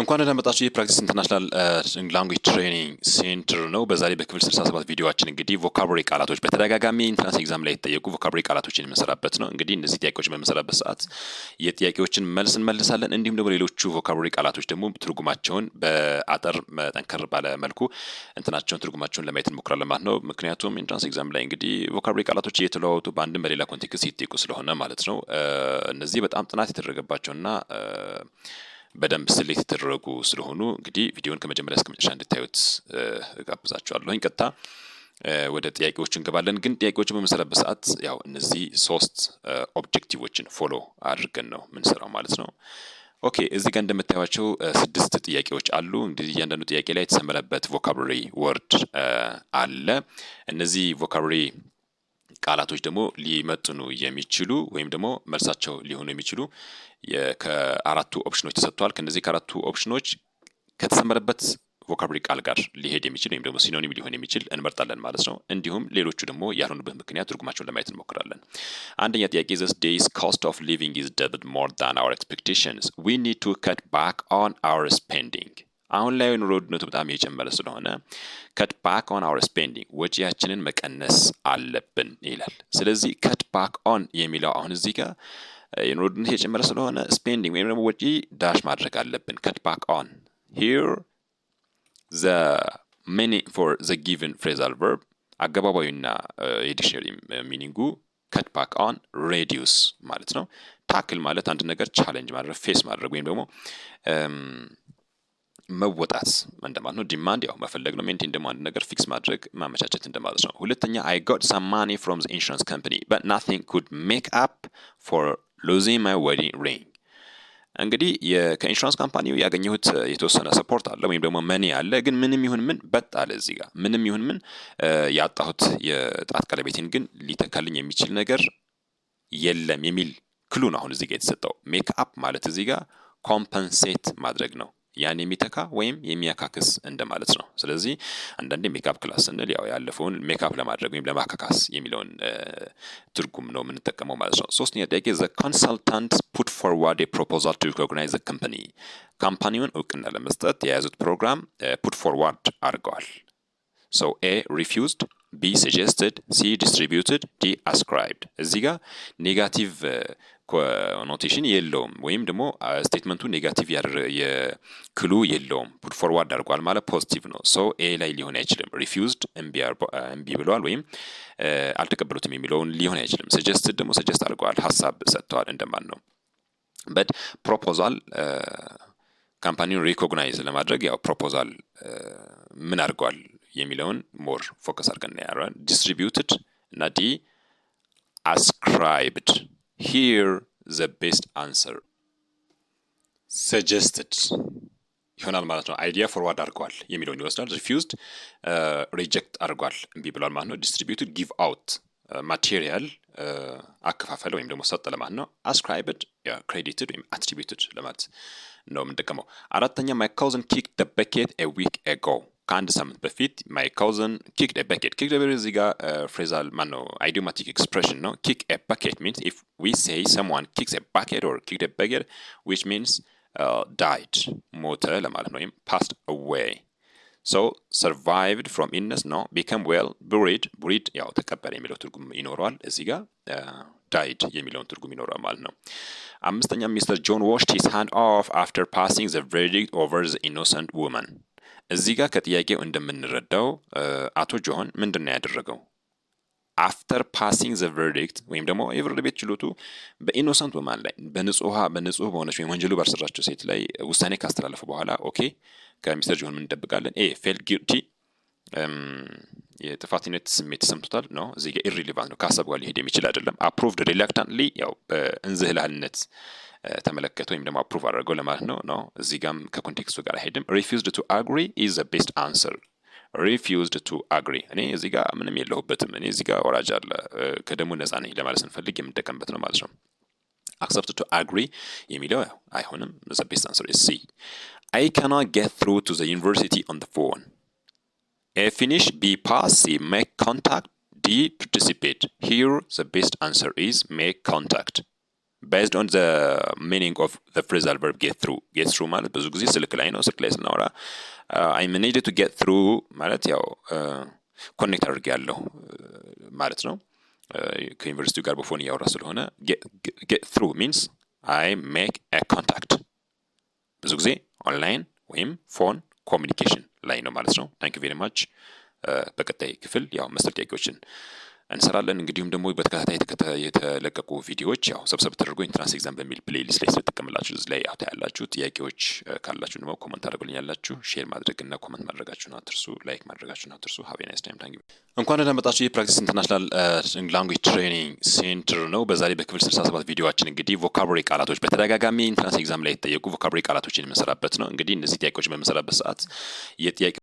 እንኳን ይህ የፕራክቲስ ኢንተርናሽናል ላንጉጅ ትሬኒንግ ሴንትር ነው። በዛሬ በክፍል 67 ቪዲዮችን እንግዲህ ቮካብሪ ቃላቶች በተደጋጋሚ ኢንትራንስ ኤግዛም ላይ የተጠየቁ ቮካብሪ ቃላቶችን የምንሰራበት ነው። እንግዲህ እነዚህ ጥያቄዎች በምንሰራበት ሰዓት የጥያቄዎችን መልስ እንመልሳለን። እንዲሁም ደግሞ ሌሎቹ ቮካብሪ ቃላቶች ደግሞ ትርጉማቸውን በአጠር መጠንከር ባለ መልኩ እንትናቸውን ትርጉማቸውን ለማየት እንሞክራለን ማለት ነው። ምክንያቱም ኢንትራንስ ኤግዛም ላይ እንግዲህ ቮካብሪ ቃላቶች እየተለዋወጡ በአንድም በሌላ ኮንቴክስት እየተጠየቁ ስለሆነ ማለት ነው። እነዚህ በጣም ጥናት የተደረገባቸውና በደንብ ስሌት የተደረጉ ስለሆኑ እንግዲህ ቪዲዮን ከመጀመሪያ እስከ መጨረሻ እንድታዩት እጋብዛችኋለሁኝ። ቀጥታ ወደ ጥያቄዎች እንገባለን። ግን ጥያቄዎችን በምንሰራበት ሰዓት ያው እነዚህ ሶስት ኦብጀክቲቮችን ፎሎ አድርገን ነው የምንሰራው ማለት ነው። ኦኬ እዚህ ጋር እንደምታዩቸው ስድስት ጥያቄዎች አሉ። እንግዲህ እያንዳንዱ ጥያቄ ላይ የተሰመረበት ቮካብሪ ወርድ አለ። እነዚህ ቮካብሪ ቃላቶች ደግሞ ሊመጥኑ የሚችሉ ወይም ደግሞ መልሳቸው ሊሆኑ የሚችሉ ከአራቱ ኦፕሽኖች ተሰጥቷል። ከነዚህ ከአራቱ ኦፕሽኖች ከተሰመረበት ቮካብሪ ቃል ጋር ሊሄድ የሚችል ወይም ደግሞ ሲኖኒም ሊሆን የሚችል እንመርጣለን ማለት ነው። እንዲሁም ሌሎቹ ደግሞ ያልሆኑበት ምክንያት ትርጉማቸውን ለማየት እንሞክራለን። አንደኛ ጥያቄ ዘስ ዴይስ ኮስት ኦፍ ሊቪንግ ኢዝ ደብል ሞር ዳን አወር ኤክስፔክቴሽንስ ዊ ኒድ ቱ ከት ባክ ኦን አወር ስፔንዲንግ አሁን ላይ ኑሮ ውድነቱ በጣም የጨመረ ስለሆነ ከት ባክ ኦን አወር ስፔንዲንግ ወጪያችንን መቀነስ አለብን ይላል። ስለዚህ ከት ባክ ኦን የሚለው አሁን እዚህ ጋር የኑሮ ውድነት የጨመረ ስለሆነ ስፔንዲንግ ወይም ደግሞ ወጪ ዳሽ ማድረግ አለብን። ከት ባክ ኦን ሂር ዘ ሚኒ ፎር ዘ ጊቨን ፍሬዛል ቨርብ አገባባዊና የዲክሽነሪ ሚኒንጉ ከት ባክ ኦን ሬዲዩስ ማለት ነው። ታክል ማለት አንድ ነገር ቻለንጅ ማድረግ ፌስ ማድረግ ወይም ደግሞ መወጣት እንደማለት ነው። ዲማንድ ያው መፈለግ ነው። ሜንቴን ደግሞ አንድ ነገር ፊክስ ማድረግ ማመቻቸት እንደማለት ነው። ሁለተኛ አይ ጎት ሳም ማኒ ፍሮም ዘ ኢንሹራንስ ካምፓኒ በት ናቲንግ ኩድ ሜክ አፕ ፎር ሎዚንግ ማይ ወዲንግ ሪንግ። እንግዲህ ከኢንሹራንስ ካምፓኒው ያገኘሁት የተወሰነ ሰፖርት አለ ወይም ደግሞ መኒ አለ፣ ግን ምንም ይሁን ምን በጥ አለ እዚህ ጋር ምንም ይሁን ምን ያጣሁት የጣት ቀለቤቴን ግን ሊተካልኝ የሚችል ነገር የለም የሚል ክሉን ነው አሁን እዚህ ጋር የተሰጠው። ሜክ አፕ ማለት እዚህ ጋር ኮምፐንሴት ማድረግ ነው። ያን የሚተካ ወይም የሚያካክስ እንደማለት ነው። ስለዚህ አንዳንዴ ሜካፕ ክላስ ስንል ያው ያለፈውን ሜካፕ ለማድረግ ወይም ለማካካስ የሚለውን ትርጉም ነው የምንጠቀመው ማለት ነው። ሶስተኛ ጥያቄ ዘ ኮንሳልታንት ፑት ፎርዋርድ ፕሮፖዛል ቱ ሪኮግናይዝ ካምፓኒ ካምፓኒውን እውቅና ለመስጠት የያዙት ፕሮግራም ፑት ፎርዋርድ አድርገዋል። ሶ ኤ ሪፊውዝድ ቢ ሰጀስትድ ሲ ዲስትሪቢዩትድ ዲ አስክራይብድ እዚህ ጋር ኔጋቲቭ ኖቴሽን የለውም ወይም ደግሞ ስቴትመንቱ ኔጋቲቭ የክሉ የለውም። ፑት ፎርዋርድ አድርጓል ማለት ፖዚቲቭ ነው። ሰው ኤ ላይ ሊሆን አይችልም። ሪፊውዝድ እምቢ ብለዋል ወይም አልተቀበሉትም የሚለውን ሊሆን አይችልም። ሰጀስትድ ደግሞ ሰጀስት አድርገዋል ሀሳብ ሰጥተዋል እንደማን ነው በት ፕሮፖዛል ካምፓኒውን ሪኮግናይዝ ለማድረግ ያው ፕሮፖዛል ምን አድርገዋል የሚለውን ሞር ፎከስ አድርገን ያረ ዲስትሪቢዩትድ እና ዲ አስክራይብድ ሂር ዘ ቤስት አንሰር ሰጀስትድ ይሆናል ማለት ነው። አይዲያ ፎርዋርድ አድርገዋል የሚለውን ይወስዳል። ሪፊውዝድ ሪጀክት uh, አድርጓል እምቢ ብሏል ማለት ነው። ዲስትሪቢዩትድ ጊቭ አውት ማቴሪያል አከፋፈለ ወይም ደግሞ ሰጠ ለማለት ነው። አስክራይብድ ክሬዲትድ ወይም አትሪቢዩትድ ለማለት ነው የምንጠቀመው። አራተኛ ማይ ካውዝን ኪክ ደ በኬት ኤ ዊክ ኤጎ ከአንድ ሳምንት በፊት ማይ ካውዘን ኪክ ኤ ባኬት ኪክ ደበሪ እዚህ ጋር ፍሬዛል ማን ነው አይዲዮማቲክ ኤክስፕሬሽን ነው። ኪክ ኤ ባኬት ሚንስ ኢፍ ዊ ሴይ ሰምዋን ኪክስ ኤ ባኬት ኦር ኪክ ኤ ባኬት ዊች ሚንስ ዳይድ ሞተ ለማለት ነው። ወይም ፓስድ አዌይ ሶ ሰርቫይቭድ ፍሮም ኢነስ ነው። ቢከም ዌል ብሪድ ብሪድ ያው ተቀበረ የሚለው ትርጉም ይኖረዋል። እዚህ ጋር ዳይድ የሚለውን ትርጉም ይኖረዋል ማለት ነው። አምስተኛ ሚስተር ጆን ዋሽድ ሂስ ሃንድ ኦፍ አፍተር ፓሲንግ ዘ ቨርዲክት ኦቨር ዘ ኢኖሰንት ውመን እዚህ ጋር ከጥያቄው እንደምንረዳው አቶ ጆን ምንድን ነው ያደረገው? አፍተር ፓሲንግ ዘ ቨርዲክት ወይም ደግሞ የፍርድ ቤት ችሎቱ በኢኖሰንት ወማን ላይ በንጹህ በንጹህ በሆነች ወይም ወንጀሉ ባልሰራችው ሴት ላይ ውሳኔ ካስተላለፉ በኋላ ኦኬ ከሚስተር ጆን ምን እንጠብቃለን? ኤ ፌል ጊልቲ የጥፋትነት ስሜት ተሰምቶታል ነው። እዚህ ጋር ኢሪሊቫንት ነው፣ ከሀሳብ ጋር ሊሄድ የሚችል አይደለም። አፕሩቭድ ሪላክታንትሊ ያው በእንዝህላልነት ተመለከተ ወይም ደግሞ አፕሩቭ አድርገው ለማለት ነው ነው። እዚህ ጋም ከኮንቴክስቱ ጋር አይሄድም። ሪፊውዝድ ቱ አግሪ ኢዝ ዘ ቤስት አንሰር ሪፊውዝድ ቱ አግሪ። እኔ እዚህ ጋር ምንም የለሁበትም፣ እኔ እዚህ ጋር ወራጅ አለ ከደሞ ነፃ ነኝ ለማለት ስንፈልግ የምንጠቀምበት ነው ማለት ነው። አክሰፕት ቱ አግሪ የሚለው አይሆንም። ዘ ቤስት አንሰር ኢዝ ሲ አይ ካናት ጌት ትሩ ቱ ዘ ዩኒቨርሲቲ ኦን ዘ ፎን A Finnish B passive make contact D participate. Here the best answer is make contact. based on the meaning of the phrasal verb get through get through ማለት ብዙ ጊዜ ስልክ ላይ ነው። ስልክ ላይ ስናወራ አይ መኔጅ ቱ ጌት ትሩ ማለት ያው ኮኔክት አድርግ ያለሁ ማለት ነው። ከዩኒቨርሲቲው ጋር በፎን እያወራ ስለሆነ ጌት ትሩ ሚንስ አይ ሜክ ኮንታክት። ብዙ ጊዜ ኦንላይን ወይም ፎን ኮሚኒኬሽን ላይ ነው ማለት ነው። ታንክ ቬሪ ማች። በቀጣይ ክፍል ያው መሰል ጥያቄዎችን እንሰራለን። እንግዲሁም ደግሞ በተከታታይ የተለቀቁ ቪዲዮዎች ያው ሰብሰብ ተደርጎ ኢንትራንስ ኤግዛም በሚል ፕሌሊስት ላይ ስለተጠቀምላችሁ እዚህ ላይ አውታ ያላችሁ ጥያቄዎች ካላችሁ ደግሞ ኮመንት አድርጉልኝ። ያላችሁ ሼር ማድረግና ኮመንት ማድረጋችሁን አትርሱ። ላይክ ማድረጋችሁን አትርሱ። ሀብ ናይስ ታይም። ታንኪ። እንኳን ደህና መጣችሁ። ይህ ፕራክቲስ ኢንተርናሽናል ላንጉጅ ትሬኒንግ ሴንትር ነው። በዛሬ በክፍል 67 ቪዲዮችን እንግዲህ ቮካብሪ ቃላቶች በተደጋጋሚ ኢንትራንስ ኤግዛም ላይ የተጠየቁ ቮካብሪ ቃላቶችን የምንሰራበት ነው። እንግዲህ እነዚህ ጥያቄዎች በምንሰራበት ሰዓት የጥያቄ